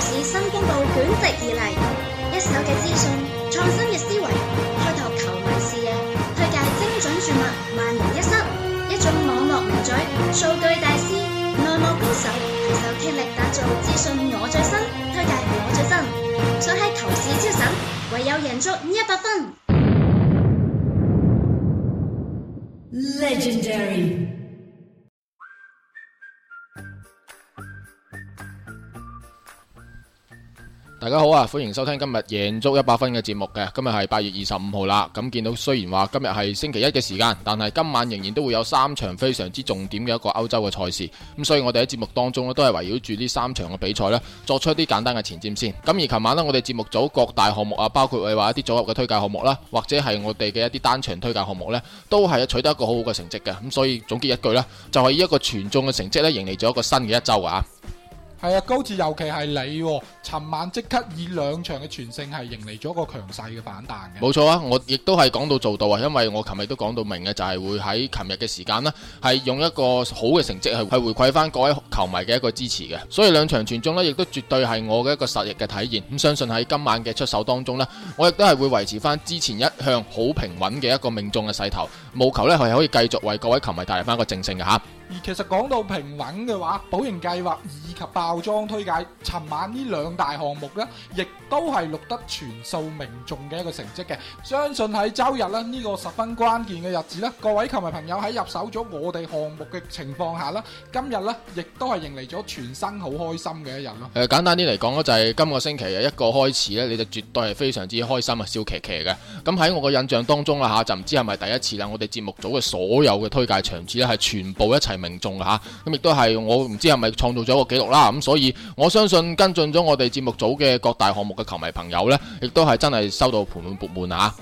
市新公布捲席而嚟，一手嘅資訊，創新嘅思維，開拓球迷視野，推介精準注物，萬無一失。一種網絡名嘴，數據大師，內幕高手，係手傾力打造資訊我最新，推介我最新，想喺投市超神，唯有贏足一百分。Legendary。大家好啊！歡迎收聽今日贏足一百分嘅節目嘅，今日係八月二十五號啦。咁見到雖然話今日係星期一嘅時間，但係今晚仍然都會有三場非常之重點嘅一個歐洲嘅賽事。咁所以我哋喺節目當中呢，都係圍繞住呢三場嘅比賽咧，作出一啲簡單嘅前瞻先。咁而琴晚呢，我哋節目組各大項目啊，包括我話一啲組合嘅推介項目啦，或者係我哋嘅一啲單場推介項目呢，都係取得一個好好嘅成績嘅。咁所以總結一句咧，就係以一個全中嘅成績呢，迎嚟咗一個新嘅一周啊！係啊，高智尤其係你，哦，尋晚即刻以兩場嘅全勝係迎嚟咗一個強勢嘅反彈嘅。冇錯啊，我亦都係講到做到啊，因為我琴日都講到明嘅，就係、是、會喺琴日嘅時間啦，係用一個好嘅成績係回饋翻各位球迷嘅一個支持嘅。所以兩場全中呢，亦都絕對係我嘅一個實力嘅體驗咁、嗯、相信喺今晚嘅出手當中呢，我亦都係會維持翻之前一向好平穩嘅一個命中嘅勢頭。務求咧，係可以繼續為各位球迷帶嚟翻一個正勝嘅嚇。而其實講到平穩嘅話，保盈計劃以及爆裝推介，尋晚呢兩大項目呢，亦都係錄得全數命中嘅一個成績嘅。相信喺周日呢，呢、呢個十分關鍵嘅日子呢，各位球迷朋友喺入手咗我哋項目嘅情況下呢，今日呢，亦都係迎嚟咗全新好開心嘅一日咯。誒簡單啲嚟講就係、是、今個星期嘅一個開始呢，你就絕對係非常之開心啊，笑騎騎嘅。咁喺我嘅印象當中啦嚇，就唔知係咪第一次啦，我。我哋節目組嘅所有嘅推介場次咧，係全部一齊命中吓，咁亦都係我唔知係咪創造咗個記錄啦，咁所以我相信跟進咗我哋節目組嘅各大項目嘅球迷朋友呢，亦都係真係收到盆滿缽滿吓。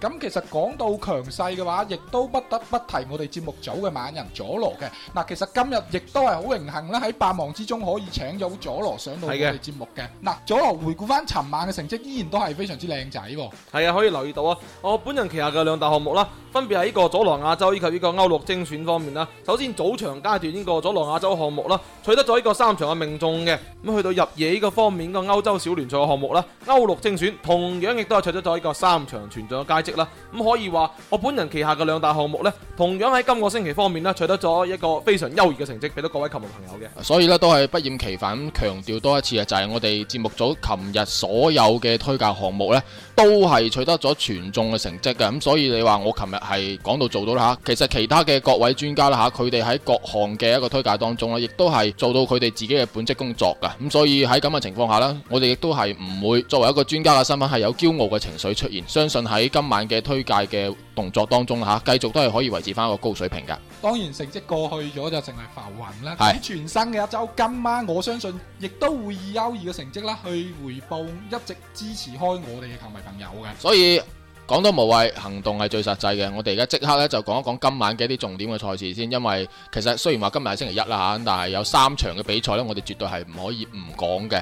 咁其實講到強勢嘅話，亦都不得不提我哋節目組嘅猛人佐羅嘅嗱，其實今日亦都係好榮幸啦，喺百忙之中可以請到佐羅上到我哋節目嘅嗱，佐羅回顧翻尋晚嘅成績，依然都係非常之靚仔喎，係啊，可以留意到啊，我本人旗下嘅兩大項目啦，分別係呢個佐羅亞洲以及呢個歐陸精選方面啦。首先早場階段呢個佐羅亞洲項目啦，取得咗呢個三場嘅命中嘅，咁去到入夜呢個方面個歐洲小聯賽嘅項目啦，歐陸精選同樣亦都係取得咗呢個三場全中嘅佳咁可以話我本人旗下嘅兩大項目呢，同樣喺今個星期方面呢，取得咗一個非常優異嘅成績，俾到各位球迷朋友嘅。所以呢，都係不厭其煩咁強調多一次啊，就係我哋節目組琴日所有嘅推介項目呢，都係取得咗全中嘅成績嘅。咁所以你話我琴日係講到做到啦吓，其實其他嘅各位專家啦吓，佢哋喺各項嘅一個推介當中咧，亦都係做到佢哋自己嘅本職工作嘅。咁所以喺咁嘅情況下咧，我哋亦都係唔會作為一個專家嘅身份係有驕傲嘅情緒出現。相信喺今日。嘅推介嘅動作當中啦吓，繼續都係可以維持翻一個高水平噶。當然成績過去咗就淨係浮雲啦。喺全新嘅一週，今晚我相信亦都會以優異嘅成績啦，去回報一直支持開我哋嘅球迷朋友嘅。所以講多無謂，行動係最實際嘅。我哋而家即刻咧就講一講今晚嘅一啲重點嘅賽事先，因為其實雖然話今日係星期一啦吓，但係有三場嘅比賽咧，我哋絕對係唔可以唔講嘅。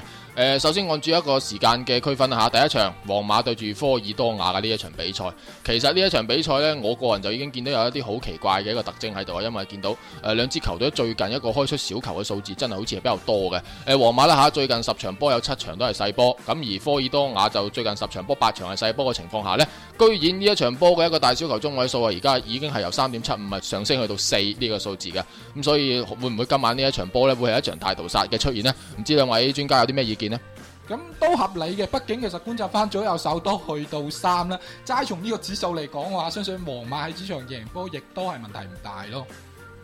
首先按住一個時間嘅區分下，第一場皇馬對住科爾多瓦嘅呢一場比賽，其實呢一場比賽呢，我個人就已經見到有一啲好奇怪嘅一個特徵喺度啊，因為見到誒兩支球隊最近一個開出小球嘅數字，真係好似係比較多嘅。皇馬啦吓，最近十場波有七場都係細波，咁而科爾多瓦就最近十場波八場係細波嘅情況下呢，居然呢一場波嘅一個大小球中位數啊，而家已經係由三點七五上升去到四呢個數字嘅，咁所以會唔會今晚呢一場波呢會係一場大屠殺嘅出現呢？唔知兩位專家有啲咩意見？咁都合理嘅，畢竟其實觀察翻左右手都去到三啦，齋從呢個指數嚟講嘅話，相信皇馬喺主場贏波亦都係問題唔大咯。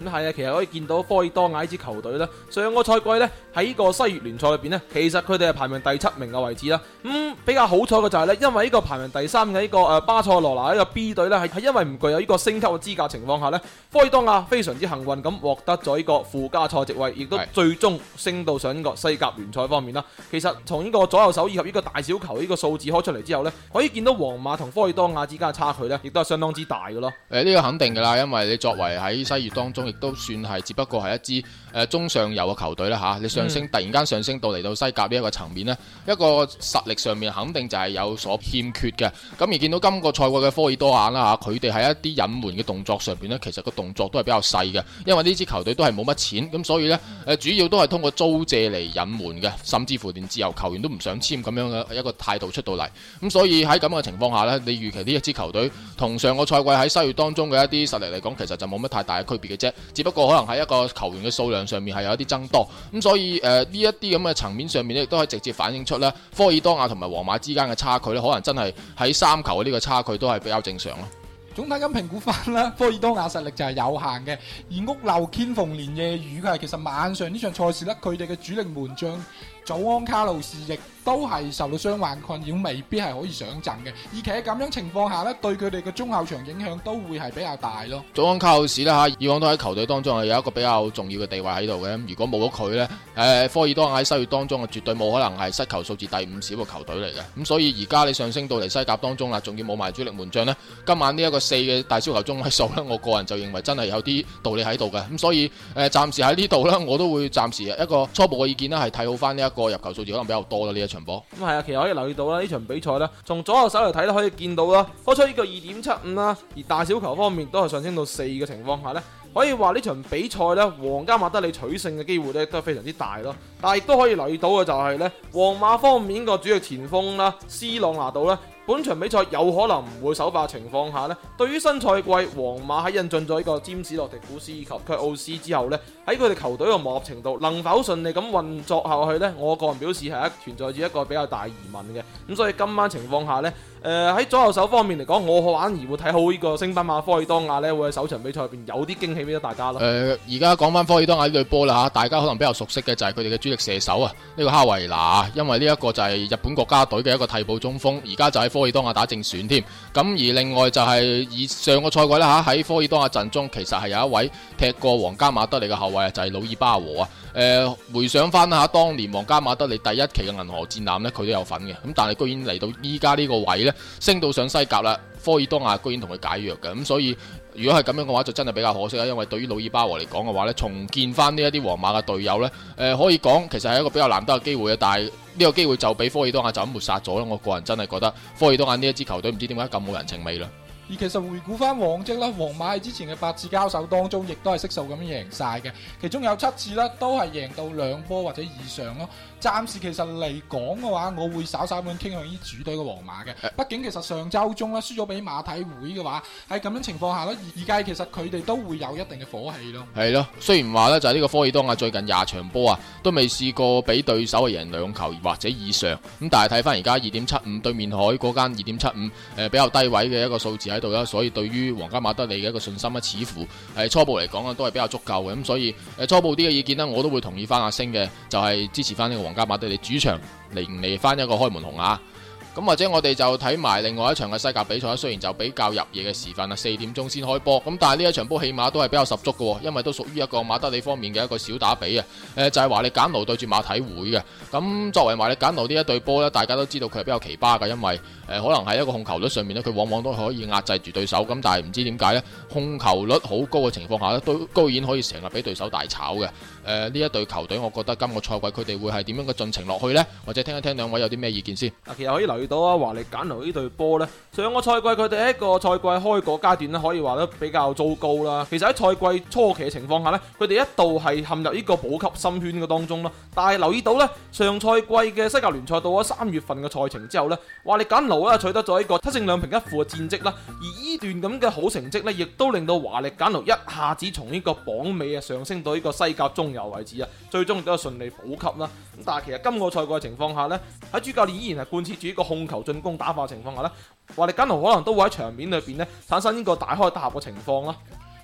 咁係啊，其實可以見到科爾多瓦呢支球隊呢，上個賽季呢，喺呢個西乙聯賽裏邊呢，其實佢哋係排名第七名嘅位置啦。咁、嗯、比較好彩嘅就係呢，因為呢個排名第三嘅呢、呢個誒、呃、巴塞羅那呢個 B 隊呢，係係因為唔具有呢個升級嘅資格情況下呢，科爾多瓦非常之幸運咁獲得咗呢個附加賽席位，亦都最終升到上呢個西甲聯賽方面啦。其實從呢個左右手以及呢個大小球呢個數字開出嚟之後呢，可以見到皇馬同科爾多瓦之間嘅差距呢，亦都係相當之大嘅咯。誒、欸、呢、呢個肯定嘅啦，因為你作為喺西乙當中。都算係，只不過係一支，誒中上游嘅球隊啦吓，你上升突然間上升到嚟到西甲呢一個層面呢，一個實力上面肯定就係有所欠缺嘅。咁而見到今個賽季嘅科爾多瓦啦吓，佢哋喺一啲隱瞞嘅動作上邊呢，其實個動作都係比較細嘅，因為呢支球隊都係冇乜錢，咁所以呢，誒主要都係通過租借嚟隱瞞嘅，甚至乎連自由球員都唔想簽咁樣嘅一個態度出到嚟。咁所以喺咁嘅情況下呢，你預期呢一支球隊同上個賽季喺西乙當中嘅一啲實力嚟講，其實就冇乜太大嘅區別嘅啫，只不過可能係一個球員嘅數量。上面係有一啲增多，咁所以誒呢一啲咁嘅層面上面咧，亦都可以直接反映出咧，科爾多瓦同埋皇馬之間嘅差距咧，可能真係喺三球呢個差距都係比較正常咯。總體咁評估翻啦，科爾多瓦實力就係有限嘅，而屋漏偏逢連夜雨，佢係其實晚上呢場賽事咧，佢哋嘅主力門將早安卡路士亦都係受到傷患困擾，未必係可以上陣嘅。而且咁樣情況下呢，對佢哋嘅中後場影響都會係比較大咯。早講卡士啦吓，以往都喺球隊當中係有一個比較重要嘅地位喺度嘅。如果冇咗佢呢，誒、呃，科爾多瓦喺西乙當中啊，絕對冇可能係失球數字第五少嘅球隊嚟嘅。咁、嗯、所以而家你上升到嚟西甲當中啦，仲要冇埋主力門將呢。今晚呢一個四嘅大小球中位數呢，我個人就認為真係有啲道理喺度嘅。咁、嗯、所以誒、呃，暫時喺呢度呢，我都會暫時一個初步嘅意見呢，係睇好翻呢一個入球數字可能比較多啦呢，這個場波，咁係啊，其實可以留意到咧呢場比賽咧，從左右手嚟睇都可以見到啦，開出呢個二點七五啦，而大小球方面都係上升到四嘅情況下咧，可以話呢場比賽咧皇家馬德里取勝嘅機會咧都係非常之大咯，但係亦都可以留意到嘅就係呢皇馬方面個主要前鋒啦，斯朗拿度啦。本場比賽有可能唔會首發情況下咧，對於新賽季皇馬喺引進咗呢個詹士、洛迪古斯以及卻奧斯之後咧，喺佢哋球隊嘅磨合程度能否順利咁運作下去咧？我個人表示係一存在住一個比較大疑問嘅咁，所以今晚情況下咧。誒、呃，喺左右手方面嚟講，我反而會睇好這個升班馬科爾多亞呢個西班牙科爾多亞咧，會喺首場比賽入邊有啲驚喜俾咗大家咯。誒、呃，而家講翻科爾多亞呢隊波啦吓，大家可能比較熟悉嘅就係佢哋嘅主力射手啊，呢、這個哈維拿，因為呢一個就係日本國家隊嘅一個替補中鋒，而家就喺科爾多亞打正選添。咁而另外就係、是、以上個賽季咧吓，喺科爾多亞陣中其實係有一位踢過皇家馬德里嘅後衛啊，就係魯爾巴和啊。誒，回想翻下當年皇家馬德里第一期嘅銀河戰艦呢，佢都有份嘅。咁但係居然嚟到依家呢個位呢，升到上西甲啦。科爾多亞居然同佢解約嘅，咁所以如果係咁樣嘅話，就真係比較可惜啦。因為對於魯爾巴和嚟講嘅話呢，重建翻呢一啲皇馬嘅隊友呢，誒，可以講其實係一個比較難得嘅機會啊。但係呢個機會就俾科爾多亞就咁抹殺咗啦。我個人真係覺得科爾多亞呢一支球隊唔知點解咁冇人情味啦。而其實回顧翻往績啦，皇馬喺之前嘅八次交手當中，亦都係悉數咁樣贏晒嘅。其中有七次呢，都係贏到兩波或者以上咯。暫時其實嚟講嘅話，我會稍稍咁傾向於主隊嘅皇馬嘅，欸。畢竟其實上週中呢，輸咗俾馬體會嘅話，喺咁樣情況下呢，而家其實佢哋都會有一定嘅火氣咯。係咯，雖然話呢，就係呢個科爾多亞最近廿場波啊，都未試過俾對手係贏兩球或者以上。咁但係睇翻而家二點七五對面海嗰間二點七五，誒比較低位嘅一個數字喺。到所以對於皇家馬德里嘅一個信心咧，似乎係初步嚟講啊，都係比較足夠嘅。咁所以，誒初步啲嘅意見咧，我都會同意翻阿星嘅，就係支持翻呢個皇家馬德里主場嚟唔嚟翻一個開門紅啊！咁或者我哋就睇埋另外一場嘅西甲比賽，雖然就比較入夜嘅時分啦，四點鐘先開波，咁但係呢一場波起碼都係比較十足嘅，因為都屬於一個馬德里方面嘅一個小打比啊。誒就係華力簡奴對住馬體會嘅。咁作為華力簡奴呢一隊波呢，大家都知道佢係比較奇葩㗎，因為誒可能係一個控球率上面呢，佢往往都可以壓制住對手，咁但係唔知點解呢，控球率好高嘅情況下呢，都居然可以成日俾對手大炒嘅。誒、呃，呢一隊球隊，我覺得今個賽季佢哋會係點樣嘅進程落去呢？或者聽一聽兩位有啲咩意見先？啊，其實可以留意到啊，華力簡奴呢隊波呢，上個賽季佢哋一個賽季開個階段呢，可以話得比較糟糕啦。其實喺賽季初期嘅情況下呢，佢哋一度係陷入呢個保級深圈嘅當中咯。但係留意到呢，上賽季嘅西甲聯賽到咗三月份嘅賽程之後呢，華力簡奴啊取得咗一個七勝兩平一負嘅戰績啦。而呢段咁嘅好成績呢，亦都令到華力簡奴一下子從呢個榜尾啊上升到呢個西甲中。由為止啊，最終都係順利補給啦。咁但係其實今個賽季嘅情況下咧，喺主教練依然係貫徹住呢個控球進攻打法嘅情況下咧，話力金牛可能都會喺場面裏邊咧產生呢個大開大合嘅情況啦。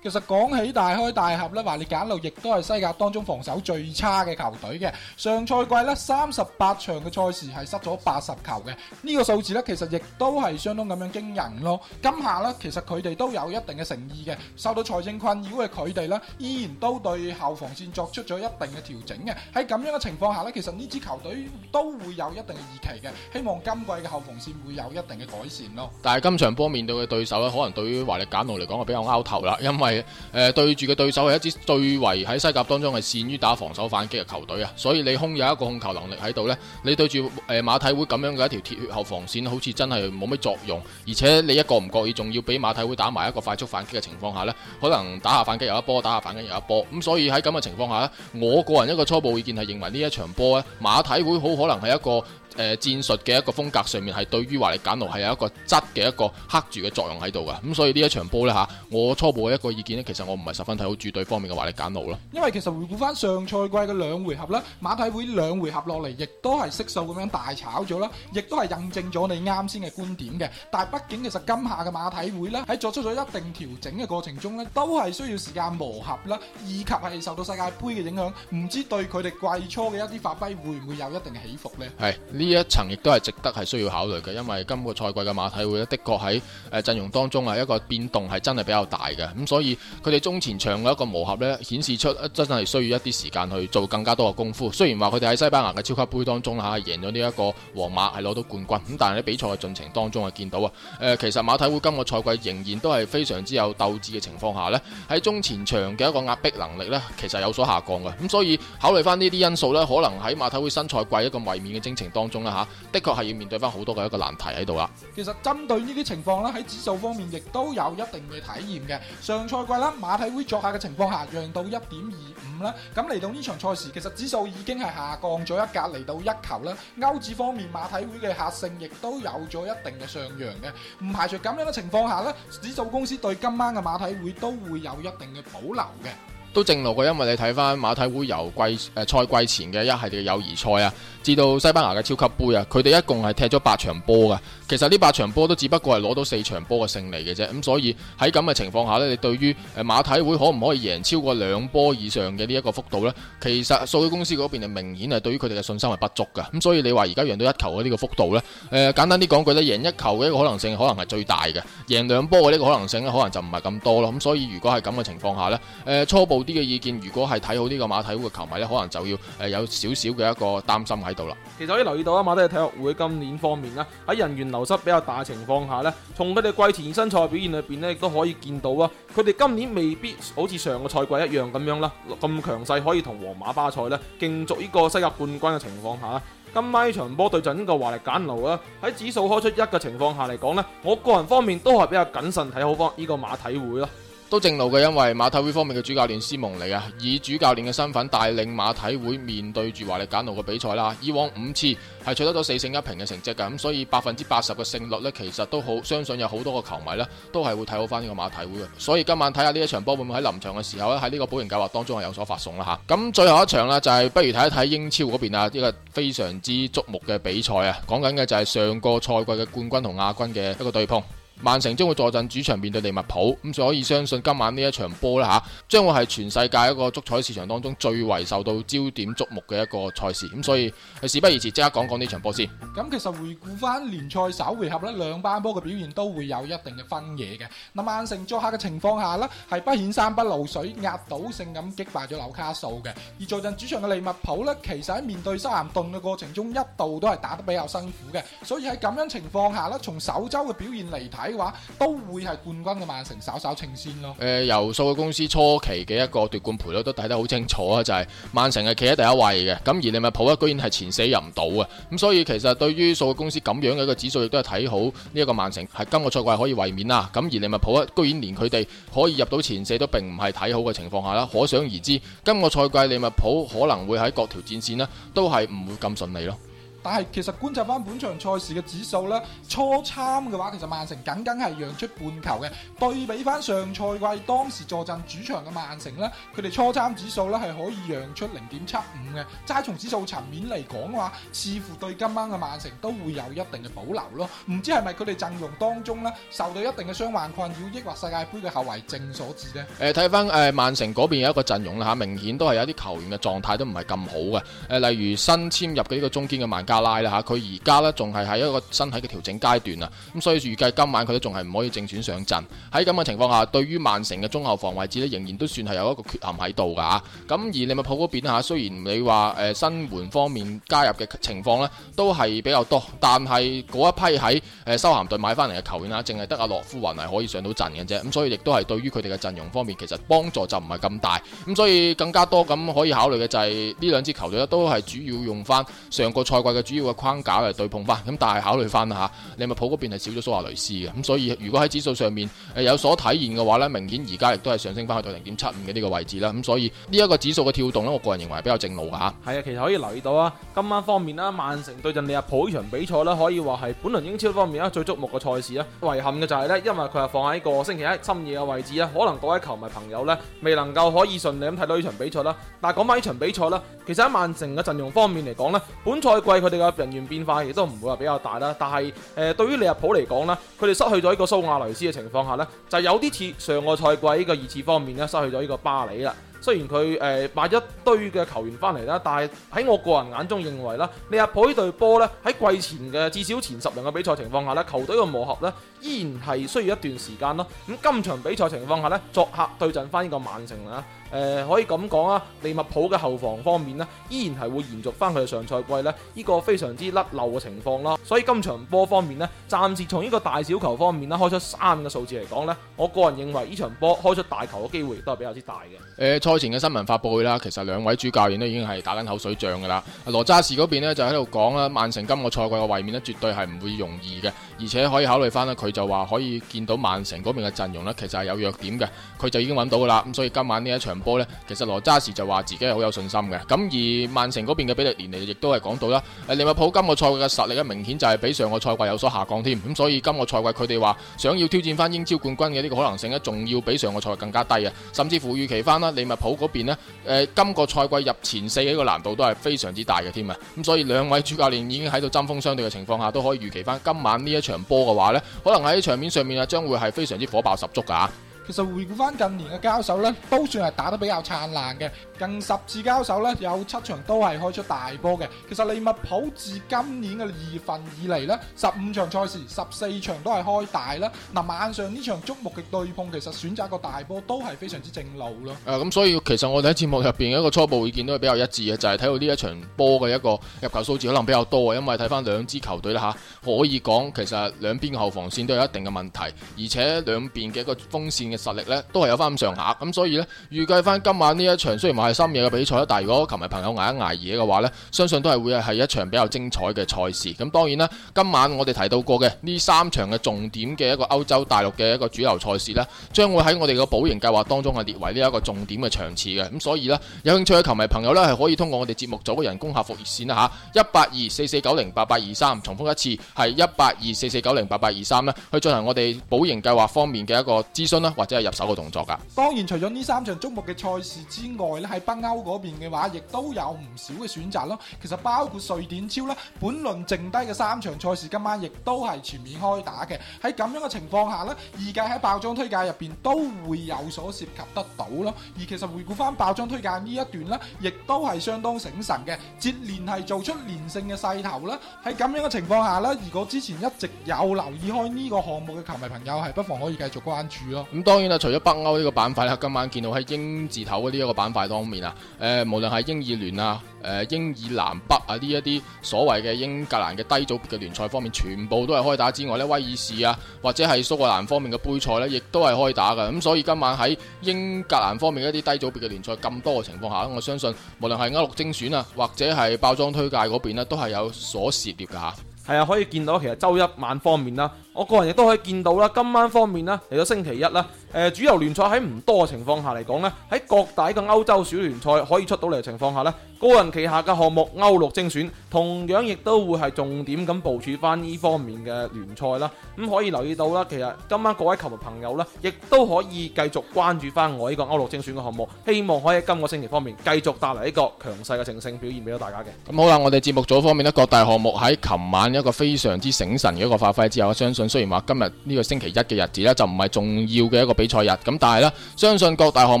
其實講起大開大合咧，華力簡奴亦都係西甲當中防守最差嘅球隊嘅。上賽季咧，三十八場嘅賽事係失咗八十球嘅，呢個數字咧其實亦都係相當咁樣驚人咯。今夏咧，其實佢哋都有一定嘅誠意嘅，受到財政困擾嘅佢哋咧，依然都對後防線作出咗一定嘅調整嘅。喺咁樣嘅情況下咧，其實呢支球隊都會有一定嘅預期嘅，希望今季嘅後防線會有一定嘅改善咯。但係今場波面對嘅對手咧，可能對於華力簡奴嚟講係比較拗頭啦，因為。誒，對住嘅對手係一支最為喺西甲當中係善於打防守反擊嘅球隊啊，所以你空有一個控球能力喺度呢，你對住誒馬體會咁樣嘅一條鐵血後防線，好似真係冇乜作用，而且你一個唔覺意，仲要俾馬體會打埋一個快速反擊嘅情況下呢，可能打下反擊又一波，打下反擊又一波，咁所以喺咁嘅情況下呢，我個人一個初步意見係認為呢一場波咧，馬體會好可能係一個。誒，戰術嘅一個風格上面係對於華麗簡奴係有一個質嘅一個克住嘅作用喺度噶，咁所以呢一場波咧吓，我初步嘅一個意見咧，其實我唔係十分睇好主隊方面嘅華麗簡奴啦。因為其實回顧翻上賽季嘅兩回合咧，馬體會兩回合落嚟亦都係色獸咁樣大炒咗啦，亦都係印證咗你啱先嘅觀點嘅。但係畢竟其實今夏嘅馬體會咧，喺作出咗一定調整嘅過程中咧，都係需要時間磨合啦，以及係受到世界杯嘅影響，唔知對佢哋季初嘅一啲發揮會唔會有一定嘅起伏咧？係。呢一層亦都係值得係需要考慮嘅，因為今個賽季嘅馬體會呢，的確喺誒陣容當中啊一個變動係真係比較大嘅，咁所以佢哋中前場嘅一個磨合呢，顯示出真係需要一啲時間去做更加多嘅功夫。雖然話佢哋喺西班牙嘅超級杯當中吓贏咗呢一個皇馬係攞到冠軍，咁但係喺比賽嘅進程當中啊見到啊誒其實馬體會今個賽季仍然都係非常之有鬥志嘅情況下呢，喺中前場嘅一個壓迫能力呢，其實有所下降嘅，咁所以考慮翻呢啲因素呢，可能喺馬體會新賽季一個衛冕嘅征程當中。中啦嚇，的確係要面對翻好多嘅一個難題喺度啦。其實針對呢啲情況咧，喺指數方面亦都有一定嘅體驗嘅。上賽季啦，馬體會作客嘅情況下讓到一點二五啦，咁嚟到呢場賽事，其實指數已經係下降咗一格嚟到一球啦。歐指方面，馬體會嘅客勝亦都有咗一定嘅上揚嘅，唔排除咁樣嘅情況下咧，指數公司對今晚嘅馬體會都會有一定嘅保留嘅。都正路去，因為你睇翻馬體會由季誒、呃、賽季前嘅一系列嘅友誼賽啊，至到西班牙嘅超級杯啊，佢哋一共係踢咗八場波㗎。其實呢八場波都只不過係攞到四場波嘅勝利嘅啫。咁所以喺咁嘅情況下呢，你對於誒馬體會可唔可以贏超過兩波以上嘅呢一個幅度呢？其實數據公司嗰邊就明顯係對於佢哋嘅信心係不足㗎。咁所以你話而家贏到一球嘅呢個幅度呢？誒、呃、簡單啲講句呢，贏一球嘅一個可能性可能係最大嘅，贏兩波嘅呢個可能性咧可能就唔係咁多咯。咁所以如果係咁嘅情況下呢，誒、呃、初步。啲嘅意見，如果係睇好呢個馬體會嘅球迷咧，可能就要誒有少少嘅一個擔心喺度啦。其實可以留意到啊，馬德里體育會今年方面呢，喺人員流失比較大的情況下呢，從佢哋季前新賽表現裏邊呢，亦都可以見到啊。佢哋今年未必好似上個賽季一樣咁樣啦，咁強勢可以同皇馬、巴塞呢競逐呢個西甲冠軍嘅情況下，今晚呢場波對陣呢個華力簡奴啊，喺指數開出一嘅情況下嚟講呢，我個人方面都係比較謹慎睇好方呢個馬體會咯。都正路嘅，因為馬體會方面嘅主教練施蒙尼啊，以主教練嘅身份帶領馬體會面對住華力簡奴嘅比賽啦。以往五次係取得咗四勝一平嘅成績㗎，咁所以百分之八十嘅勝率呢，其實都好相信有好多個球迷呢，都係會睇好翻呢個馬體會嘅。所以今晚睇下呢一場波會唔會喺臨場嘅時候呢，喺呢個保型計劃當中係有所發送啦吓。咁最後一場啦，就是，就係不如睇一睇英超嗰邊啊，呢個非常之矚目嘅比賽啊，講緊嘅就係上個賽季嘅冠軍同亞軍嘅一個對碰。曼城將會坐鎮主場面對利物浦，咁所以相信今晚呢一場波咧吓，將會係全世界一個足彩市場當中最為受到焦點矚目嘅一個賽事。咁所以事不宜遲，即刻講講呢場波先。咁其實回顧翻聯賽首回合呢兩班波嘅表現都會有一定嘅分野嘅。嗱，曼城作客嘅情況下呢係不顯山不露水，壓倒性咁擊敗咗紐卡素嘅；而坐鎮主場嘅利物浦呢，其實喺面對修咸頓嘅過程中，一度都係打得比較辛苦嘅。所以喺咁樣的情況下呢，從首周嘅表現嚟睇。睇嘅話都會係冠軍嘅曼城稍稍稱先咯。誒、呃，由數據公司初期嘅一個奪冠賠率都睇得好清楚啊，就係、是、曼城係企喺第一位嘅。咁而利物浦居然係前四入唔到啊。咁所以其實對於數據公司咁樣嘅一個指數，亦都係睇好呢一個曼城係今個賽季可以衛冕啦。咁而利物浦居然連佢哋可以入到前四都並唔係睇好嘅情況下啦，可想而知今個賽季利物浦可能會喺各條戰線呢都係唔會咁順利咯。但係其實觀察翻本場賽事嘅指數咧，初參嘅話其實曼城僅僅係讓出半球嘅。對比翻上，上賽季當時坐鎮主場嘅曼城呢，佢哋初參指數咧係可以讓出零點七五嘅。齋從指數層面嚟講嘅話，似乎對今晚嘅曼城都會有一定嘅保留咯。唔知係咪佢哋陣容當中咧受到一定嘅傷患困擾，抑或世界盃嘅後遺症所致咧？誒、呃，睇翻誒曼城嗰邊有一個陣容啦嚇、啊，明顯都係有啲球員嘅狀態都唔係咁好嘅。誒、啊，例如新簽入嘅呢個中堅嘅曼加拉啦吓，佢而家呢仲係喺一個身體嘅調整階段啊，咁、嗯、所以預計今晚佢都仲係唔可以正選上陣。喺咁嘅情況下，對於曼城嘅中後防位置呢，仍然都算係有一個缺陷喺度噶咁而利物浦嗰邊啊，雖然你話誒新援方面加入嘅情況呢都係比較多，但係嗰一批喺誒修咸隊買翻嚟嘅球員啊，淨係得阿洛夫雲係可以上到陣嘅啫。咁、嗯、所以亦都係對於佢哋嘅陣容方面，其實幫助就唔係咁大。咁、嗯、所以更加多咁可以考慮嘅就係、是、呢兩支球隊呢，都係主要用翻上個賽季嘅。主要嘅框架嚟對碰翻，咁但係考慮翻吓利物浦嗰邊係少咗蘇亞雷斯嘅，咁所以如果喺指數上面有所體現嘅話咧，明顯而家亦都係上升翻去到零點七五嘅呢個位置啦，咁所以呢一個指數嘅跳動呢，我個人認為係比較正路㗎。係啊，其實可以留意到啊，今晚方面啦，曼城對陣利物浦呢場比賽呢，可以話係本輪英超方面啦最矚目嘅賽事啊。遺憾嘅就係呢，因為佢係放喺個星期一深夜嘅位置啊，可能各位球迷朋友呢，未能夠可以順利咁睇到呢場比賽啦。但係講翻呢場比賽啦，其實喺曼城嘅陣容方面嚟講呢，本賽季佢。呢個人員變化亦都唔會話比較大啦，但係誒、呃、對於利物浦嚟講呢，佢哋失去咗呢個蘇亞雷斯嘅情況下呢，就有啲似上個賽季呢個二次方面咧失去咗呢個巴里啦。雖然佢誒、呃、買咗一堆嘅球員翻嚟啦，但係喺我個人眼中認為啦，利物浦呢隊波呢喺季前嘅至少前十輪嘅比賽情況下呢，球隊嘅磨合呢，依然係需要一段時間咯。咁今場比賽情況下呢，作客對陣翻呢個曼城啊，誒、呃、可以咁講啊，利物浦嘅後防方面呢，依然係會延續翻佢嘅上賽季呢，呢個非常之甩漏嘅情況咯。所以今場波方面呢，暫時從呢個大小球方面呢，開出三個數字嚟講呢，我個人認為呢場波開出大球嘅機會都係比較之大嘅。誒、呃，賽前嘅新聞發佈會啦，其實兩位主教練都已經係打緊口水仗噶啦。羅渣士嗰邊呢，就喺度講啦，曼城今個賽季嘅衛冕呢，絕對係唔會容易嘅，而且可以考慮翻啦佢。就話可以見到曼城嗰邊嘅陣容呢，其實係有弱點嘅，佢就已經揾到噶啦。咁所以今晚呢一場波呢，其實羅渣士就話自己係好有信心嘅。咁而曼城嗰邊嘅比利連尼亦都係講到啦，誒利物浦今個賽季嘅實力咧明顯就係比上個賽季有所下降添。咁所以今個賽季佢哋話想要挑戰翻英超冠軍嘅呢個可能性呢，仲要比上個賽季更加低嘅。甚至乎預期翻啦，利物浦嗰邊咧今個賽季入前四呢個難度都係非常之大嘅添啊。咁所以兩位主教練已經喺度針鋒相對嘅情況下，都可以預期翻今晚呢一場波嘅話呢。可能。喺場面上面啊，將會係非常之火爆十足噶。其實回顧翻近年嘅交手呢，都算係打得比較燦爛嘅。近十次交手呢，有七場都係開出大波嘅。其實利物浦自今年嘅二月份以嚟呢，十五場賽事十四場都係開大啦。嗱，晚上呢場矚目嘅對碰，其實選擇個大波都係非常之正路咯。誒、啊，咁所以其實我哋喺節目入邊一個初步意見都係比較一致嘅，就係、是、睇到呢一場波嘅一個入球數字可能比較多啊。因為睇翻兩支球隊啦吓、啊，可以講其實兩邊嘅後防線都有一定嘅問題，而且兩邊嘅一個鋒線。實力呢都係有翻咁上下，咁所以呢預計翻今晚呢一場雖然話係深夜嘅比賽啦，但係如果球迷朋友挨一挨夜嘅話呢，相信都係會係一場比較精彩嘅賽事。咁當然啦，今晚我哋提到過嘅呢三場嘅重點嘅一個歐洲大陸嘅一個主流賽事呢，將會喺我哋個保營計劃當中係列為呢一個重點嘅場次嘅。咁所以呢，有興趣嘅球迷朋友呢，係可以通過我哋節目組嘅人工客服熱線啦吓，一八二四四九零八八二三，重複一次係一八二四四九零八八二三呢，去進行我哋保營計劃方面嘅一個諮詢啦。即係入手嘅動作噶、啊。當然除咗呢三場矚目嘅賽事之外咧，喺北歐嗰邊嘅話，亦都有唔少嘅選擇咯。其實包括瑞典超呢，本輪剩低嘅三場賽事今晚亦都係全面開打嘅。喺咁樣嘅情況下呢，二季喺爆漲推介入邊都會有所涉及得到咯。而其實回顧翻爆漲推介呢一段呢，亦都係相當醒神嘅，接連係做出連勝嘅勢頭啦。喺咁樣嘅情況下呢，如果之前一直有留意開呢個項目嘅球迷朋友，係不妨可以繼續關注咯。當然啦，除咗北歐呢個板塊咧，今晚見到喺英字頭呢啲一個板塊當面啊，誒、呃，無論係英二聯啊，誒、呃，英二南北啊呢一啲所謂嘅英格蘭嘅低組別嘅聯賽方面，全部都係開打之外咧，威爾士啊，或者係蘇格蘭方面嘅杯賽咧，亦都係開打噶。咁所以今晚喺英格蘭方面一啲低組別嘅聯賽咁多嘅情況下，我相信無論係歐陸精選啊，或者係包裝推介嗰邊呢，都係有所涉獵噶。係啊，可以見到其實周一晚方面啦。我個人亦都可以見到啦。今晚方面呢，嚟咗星期一啦，誒主流聯賽喺唔多嘅情況下嚟講呢，喺各大嘅歐洲小聯賽可以出到嚟嘅情況下呢，高人旗下嘅項目歐陸精選同樣亦都會係重點咁部署翻呢方面嘅聯賽啦。咁可以留意到啦，其實今晚各位球迷朋友呢，亦都可以繼續關注翻我呢個歐陸精選嘅項目，希望可以喺今個星期方面繼續帶嚟一個強勢嘅成勝表現俾到大家嘅。咁好啦，我哋節目組方面呢，各大項目喺琴晚一個非常之醒神嘅一個發揮之後，相信。雖然話今日呢個星期一嘅日子呢，就唔係重要嘅一個比賽日咁，但係呢，相信各大項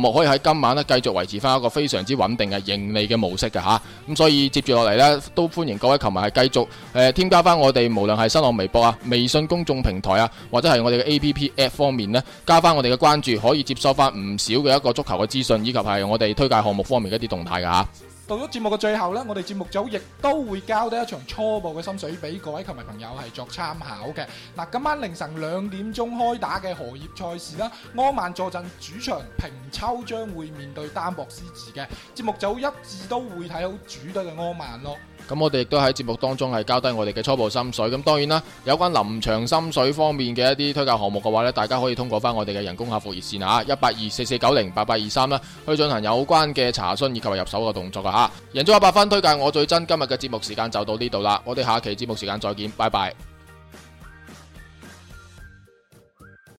目可以喺今晚呢繼續維持翻一個非常之穩定嘅盈利嘅模式㗎吓。咁所以接住落嚟呢，都歡迎各位球迷係繼續誒、呃，添加翻我哋，無論係新浪微博啊、微信公眾平台啊，或者係我哋嘅 App App 方面呢，加翻我哋嘅關注，可以接收翻唔少嘅一個足球嘅資訊，以及係我哋推介項目方面嘅一啲動態㗎吓。啊到咗節目嘅最後呢，我哋節目組亦都會交低一場初步嘅心水俾各位球迷朋友係作參考嘅。嗱，今晚凌晨兩點鐘開打嘅荷葉賽事啦，柯曼坐鎮主場，平秋將會面對丹伯斯治嘅，節目組一致都會睇好主隊嘅柯曼咯。咁我哋亦都喺節目當中係交低我哋嘅初步心水，咁當然啦，有關臨場心水方面嘅一啲推介項目嘅話呢，大家可以通過翻我哋嘅人工客服熱線啊，一八二四四九零八八二三啦，去進行有關嘅查詢以及入入手嘅動作噶吓。贏足一百分推介我最真，今日嘅節目時間就到呢度啦，我哋下期節目時間再見，拜拜。